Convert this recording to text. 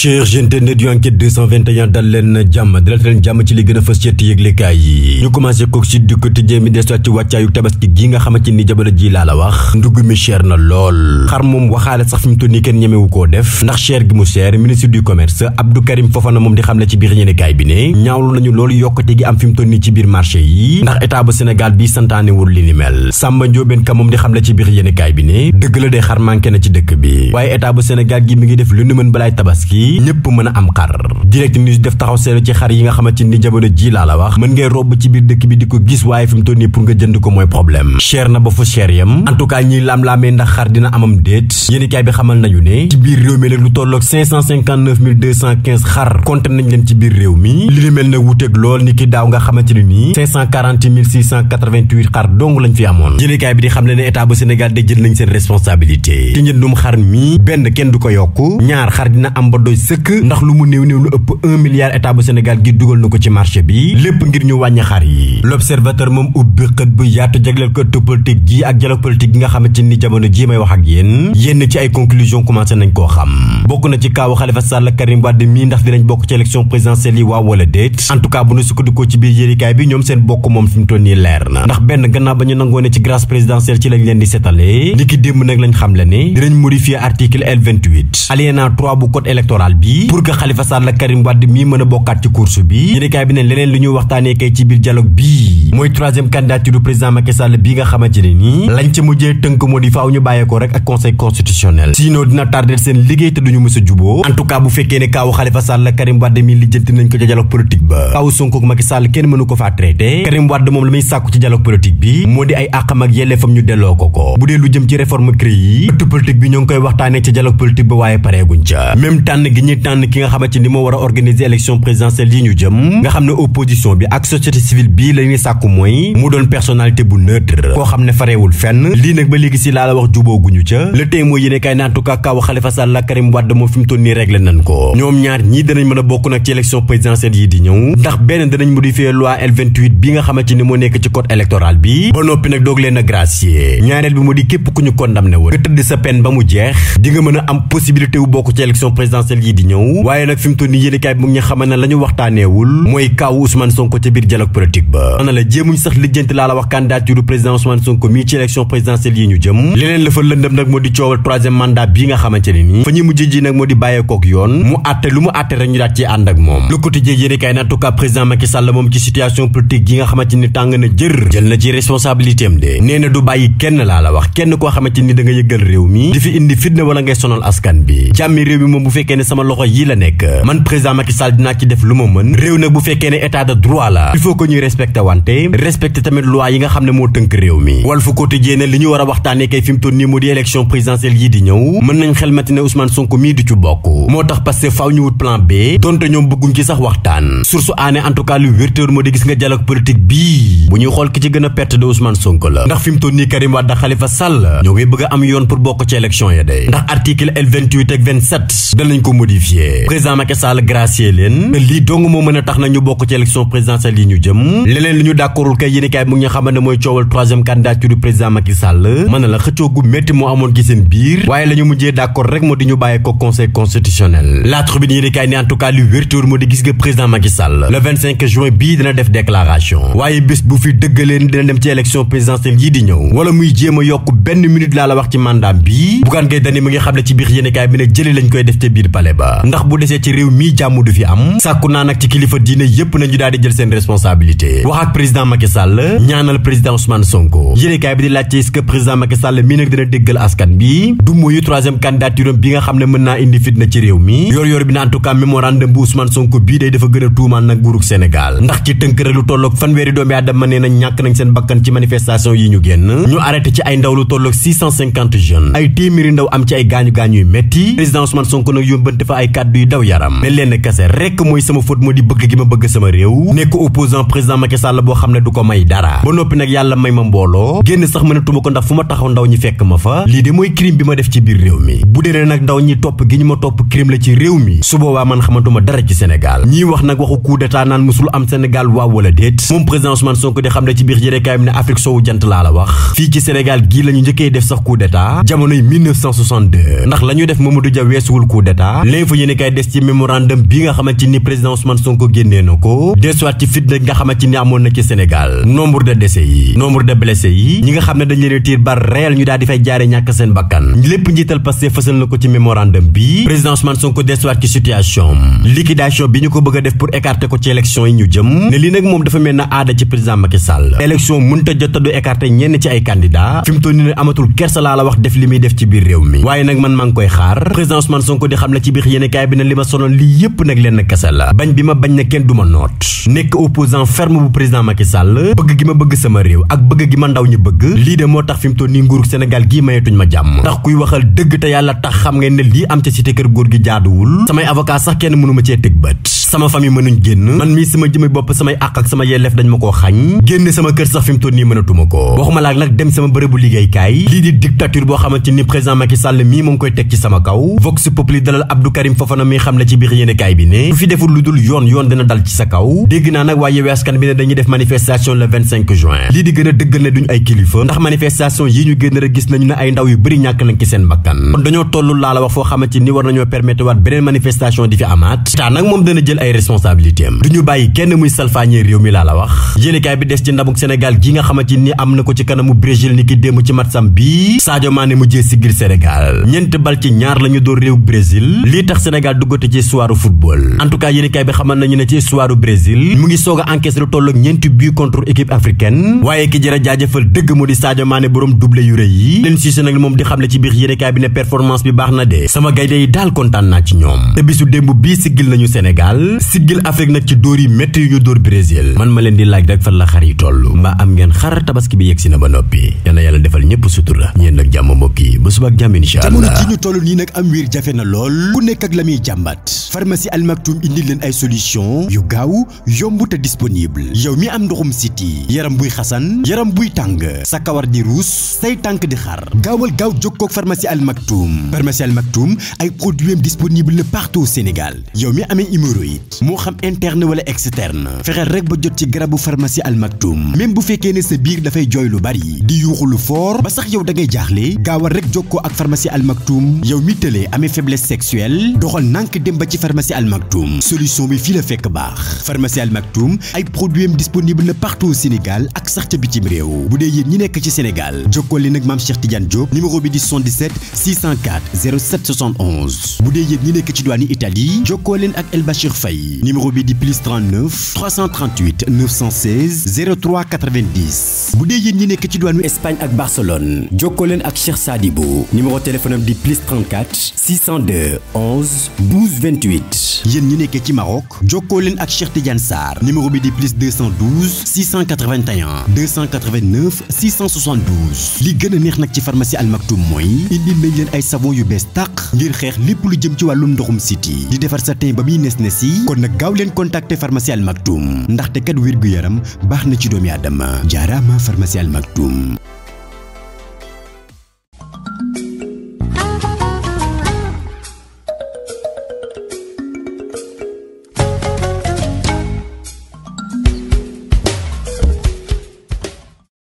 cher gentenet yu enquête 221 dal leen jàmm dalal leen jàmm ci li gën a fës ci yëglekaay yi ñu commencé ko ci du quotidien mi des ci wàccaayu tabaski gi nga xamante ni jamono ji laa la wax ndugg mi cher na lool xar moom waxaale sax fi mu toll nii kenn ñemewu ko def ndax cher gi mu cher ministre du commerce Abdou Karim Fofana moom di xam ne ci biir yéenekaay bi ne ñaawlu nañu lool yokkute gi am fi mu toll nii ci biir marché yi ndax état bu Sénégal bi santaanewul li ni mel Samba Ndiobène Ka xam ne ci biir yéenekaay bi ne dëgg la dee xar manqué na ci dëkk bi waaye état bu Sénégal gi mi ngi def lu nu mën balaay tabaski yi ñëpp mën a am xar direct news def taxaw seetlu ci xar yi nga xamante ni jamono ji laa la wax mën ngay robb ci biir dëkk bi di ko gis waaye fi mu nii pour nga jënd ko mooy problème cher na ba fa cher yam en tout cas ñiy laam-laamee ndax xar dina amam déet xar dong lañ fi amoon yéenekaay bi di xam le ne état bu Sénégal de jël nañ seen responsabilité ci njëndum xar mi benn kenn du ko yokk ñaar xar dina am ba doy sëkk ndax lu mu néew néew lu ëpp un milliard état bu Sénégal gi dugal na ko ci marché bi lépp ngir ñu wàññi xar yi l'observateur moom ubbi xët bu yaatu jagleel ko ëtt politique gi ak dialogue politique gi nga xamante ni jamono ji may wax ak yéen yénn ci ay conclusion commencé nañ koo xam bokk na ci kaawu Khalifa Sall Karim Wade mii ndax dinañ bokk ci élection présidentielle yi waaw wala déet en tout cas bu ñu ci biir yérikaay bi ñoom seen bokk moom fi mu toll nii ndax benn gannaaw ba ñu nangoo ne ci leen di seetalee ni le ne dinañ modifier article L28 alinéa 3 général pour que Khalifa Sall Karim Wade mii mën a bokkaat ci course bi yéenekaay bi ne leneen lu ñuy waxtaanee kay ci biir dialogue bii mooy troisième candidature du président Macky bi nga xamante ne nii lañ ca mujjee tënk moo di faaw ñu bàyyeekoo rek ak conseil constitutionnel sinon dina tardé seen liggéey te duñu mës a juboo en fekkee ne kaawu Khalifa Sall Karim Wade mii lijjanti nañ ko ca dialogue politique ba kaawu Sonko ak kenn mënu ko faa gi ñuy tànn ki nga xamante ni moo war a organiser présidentielle yi ñu jëm nga xam ne opposition bi ak société civile bii la ñuy mooy mu doon personnalité bu neutre koo xam ne fareewul fenn lii nag ba léegi si laa la wax jubooguñu ca le tey mooy yéene kaay na en tout cas Karim Wade moom fi toll nii réglé nañ ko ñoom ñaar ñii danañ mën a bokk nag ci élection présidentielle yi di ñëw ndax benn danañ modifier loi L28 bi bi nga tëdd yi di ñëw waaye nag fi mu toll nii yéenekaay bi mu ngi xamal ne mooy kaw Ousmane Sonko ca biir dialogue président Ousmane Sonko mii ci élection présidentielle yi ñu jëm leneen la fa lëndëm nag moo di coowal troisième mandat bii nga xamante ne nii fa ñuy mujj ji nag moo di bàyyeekook yoon mu àtte lu mu àtte rek ñu daat ci ànd ak moom Le Quotidien yéenekaay en tout président Macky Sall moom ci situation politique yi nga xamante ni tàng na jër jël na ci responsabilité sama loxo yi la nekk man président Macky Sall dinaa ci def lu ma mën réew nag bu fekkee ne état de droit la il faut que ñuy respecté wante respecté tamit loi yi nga xam ne moo tënk réew mi Walf Quotidien ne li ñu war a waxtaanee kay fi mu nii moo di élection présidentielle yi di ñëw mën nañ xelmati ne Ousmane Sonko mii du ci bokk moo tax parce que faaw ñu wut plan B donte ñoom bëgguñ ci sax waxtaan source aané en tout moo di gis nga dialogue a perte de Ousmane Sonko la ndax fi mu toll nii modifié président Macky Sall gracier leen moo mën a tax na bokk ci élection présidentielle yi ñu jëm leneen li ñu d'accordul kay yéen kaay mu ngi xamal mooy coowal troisième candidature du président Macky Sall la xëccoo gu métti amoon ci biir waaye la mujjee d'accord rek moo di ñu bàyyee ko conseil constitutionnel la juin bii dina def déclaration waaye bés bu fi dëggaleen dina dem ci élection présidentielle yi di ñëw wala muy jéem yokk waxtaane ndax bu desee ci réew mi jàmm du fi am sàkku naa nag ci kilifa diine yépp nañu daal di jël seen responsabilité wax ak président Macky Sall ñaanal président Ousmane Sonko yéenekaay bi di laajte bi du mooyu troisième nga xam ne mën naa indi fitna ci réew mi yor yor bi na en tout cas mémorandum bu Ousmane Sonko bii a tuumaal nag nguurug ndax ci tënk rek lu tolloog fanweeri doomi aadama ñàkk nañ seen bakkan ci manifestation yi ñu génn ñu arrêté ndaw lu tolloog 650 jeunes ay téeméeri ndaw am ci ay gaañu-gaañu yu metti président Ousmane Sonko nag yóbbante dafa fa ay kàddu yu daw yaram ne leen kese rekk mooy sama faute moo di bëgg gi ma bëgg sama réew nekk opposant président Macky Sall boo xam ne du ko may dara ba noppi nag yàlla may ma mbooloo génn sax mënatuma ko ndax fu ma taxaw ndaw ñi fekk ma fa lii de mooy crime bi ma def ci biir réew mi bu dee nag ndaw ñi topp gi ñu ma topp crime la ci réew mi su boobaa man xamantuma dara ci Sénégal ñiy wax nag waxu coup d'état naan musul am Sénégal waaw wala déet moom président Ousmane Sonko di xam ne ci biir jërekaay bi ne Afrique soowu jant laa wax fii ci Sénégal gii la njëkkee def sax coup d'état jamonoy 1962 ndax la ñuy def Mamadou Dia weesuwul coup d'état l'info yéen kay des ci mémorandum bi nga xamante ni président Ousmane Sonko génnee na ko desuwaat ci fitna nga xamante ni amoon na ci Sénégal nombre de décès yi nombre de blessés yi ñi nga xam ne dañ leen tiir bar réel ñu daal di fay jaare ñàkk seen bakkan lépp njiital Pastef fësal na ko ci mémorandum bi président Ousmane Sonko desuwaat ci situation liquidation bi ñu ko bëgg def pour écarter ko ci élection yi ñu jëm ne lii nag moom dafa def li muy def ci biir yéenekaay bi ne li ma sonal nag lenn kese la bañ bi ma bañ ne kenn du ma noot nekk opposant ferme bu président Macky bëgg gi ma bëgg sama réew ak bëgg gi ma ndaw ñu bëgg lii de moo tax fi mu toll nii nguuru Sénégal gii mayetuñ ma jàmm ndax kuy waxal dëgg te yàlla tax xam ngeen ne lii am ca cité kër góor gi jaaduwul samay avocat sax kenn mënu ma cee tëg bët sama famille mënuñ génn man mii sama jëmmi bopp samay àq ak sama yelleef dañ ma ko xañ génn sama kër sax fi mu toll nii mënatuma ko waxuma laak nag dem sama bërëbu liggéeykaay lii di dictature boo xamante ni président Macky Sall mii moo ngi koy teg ci sama kaw vox populi dalal Abdou Abdou Karim Fofana mi xam la ci biir yéenekaay bi ne fi deful lu dul yoon yoon dina dal ci sa kaw dégg naa nag waa Yewwi bi ne dañuy def manifestation le 25 juin lii di gën a dëggal ne duñ ay kilifa ndax ñu génn gis nañu ne ay ndaw yu bëri ñàkk nañ ci seen bakkan kon dañoo toll laa la wax foo xamante ni war nañoo permettre waat beneen manifestation di fi amaat taa nag moom dana jël ay responsabilité am duñu bàyyi kenn muy salfaañee réew mi laa la wax yéenekaay bi des ci ndamuk Sénégal gi nga xamante ni am na ko ci kanamu Brésil ni ki démb ci matsam bi Sadio Mané mujjee sigil Sénégal ñeent bal ci ñaar lañu door réew Brésil lii tax Sénégal duggate ci histoire football en tout cas yéenekaay bi xamal nañu ne ci histoire Brésil mu ngi soog a encaissé lu ñeenti but contre équipe africaine waaye ki jërë dëgg mu di Sadio Mané borom doublé yu rëy yi leen siise nag moom di xam ne ci biir yéenekaay bi ne performance bi baax na de sama gaynde kontaan naa ci ñoom te bisu démb bii siggil nañu Sénégal siggil Afrique nag ci dóor yi métti yu ñu dóor Brésil man ma leen di laaj rek fan la xar yi toll mbaa am ngeen xar tabaski bi yegsi na ba noppi yàlla yàlla defal ñëpp sutura ñeen nag jàmm mbokk yi ba suba ak jàmm incha allah jamono na lool ku nekk ak la muy jàmbat pharmacie Al Maktoum indi leen ay solution yu gaaw yomb te disponible yow mi am ndoxum siti yaram buy xasan yaram buy tàng sa kawar di ruus say tànk di xar gaawal gaaw jokkoog pharmacie Al Maktoum pharmacie Al Maktoum ay produits disponible na partout Sénégal yow mi amee hémorroïde moo xam interne wala externe fexeel rek ba jot ci garabu pharmacie Al Maktoum même bu fekkee ne sa biir dafay jooy lu bari di yuuxu lu foor ba sax yow da ngay jaaxle gaawal rek jokkoo ak pharmacie Al Maktoum yow mi tëlee amee faiblesse pharmacie Al Maktoum solution bi fii la fekk baax pharmacie Al Maktoum ay produits am disponible na partout au Sénégal ak sax ca bitim réew bu dee yéen ñi nekk ci Sénégal jokkoo leen ak maam Cheikh Tidiane Diop numéro bi di 77 604 07 71 bu dee yéen ñi nekk ci diwaanu Italie jokkoo leen ak El Bachir Faye numéro bi di plus 39 338 916 03 90 bu dee yéen ñi nekk ci diwaanu Espagne ak Barcelone jokkoo leen ak Cheikh Sadibou numéro téléphone am di plus 34 602 11 18 yéen ñi nekkee ci Maroc jokkoo leen ak Cheikh Tidiane Sarr numéro bi di plus 212 681 289 672 li gën a neex nag ci pharmacie Al Maktoum mooy indi nañ leen ay savon yu bees tàq ngir xeex lépp lu jëm ci wàllum ndoxum siti di defar sa teen ba muy nes nes yi kon nag gaaw leen contacter pharmacie Al Maktoum ndaxte kat wér gu yaram baax na ci doomi aadama jaaraama pharmacie Al